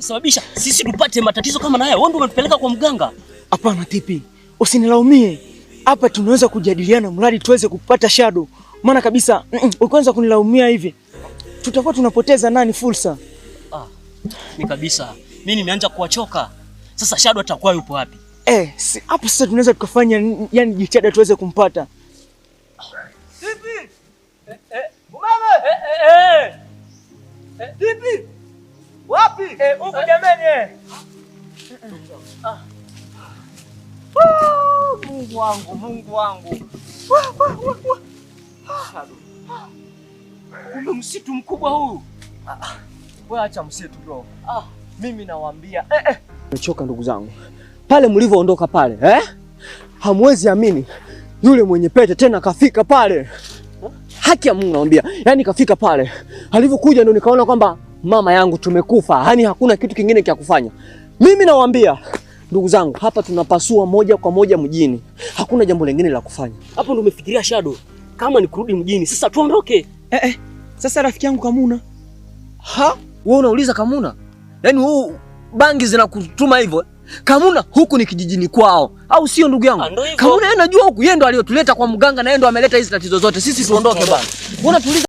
sababisha sisi tupate matatizo kama na haya. Wewe ndio umetupeleka kwa mganga. Hapana Tipi, usinilaumie hapa, tunaweza kujadiliana mradi tuweze kupata shadow. Maana kabisa mm, mm, ukianza kunilaumia hivi tutakuwa tunapoteza nani fursa. Ah, ni kabisa mimi nimeanza kuwachoka sasa. Shadow atakuwa yupo wapi? Eh, si, hapo sasa tunaweza tukafanya yani jitihada tuweze kumpata. Tipi. Eh, eh. wapi? Eh, jamani eh. Mungu wangu, Mungu wangu. Kumbe msitu mkubwa huu. Wewe acha msitu bro. Ah, mimi nawaambia eh eh. Nimechoka ndugu zangu. Pale mlivyoondoka pale, eh? Hamwezi amini. Yule mwenye pete tena kafika pale. Haki ya Mungu nawaambia. Yaani kafika pale. Alivyokuja ndio nikaona kwamba mama yangu tumekufa, yani hakuna kitu kingine cha kufanya. Mimi nawaambia ndugu zangu, hapa tunapasua moja kwa moja mjini, hakuna jambo lingine la kufanya. Hapo ndo umefikiria Shadow, kama ni kurudi mjini sasa tuondoke. Eh, eh. Sasa rafiki yangu Kamuna, ha wewe unauliza Kamuna? Yaani wewe bangi zinakutuma hivyo? Kamuna huku ni kijijini kwao, au sio ndugu yangu? Ah, Kamuna yeye anajua huku, yeye ndo aliyotuleta kwa mganga na yeye ndo ameleta hizi tatizo zote. Sisi tuondoke bana, mbona tuliza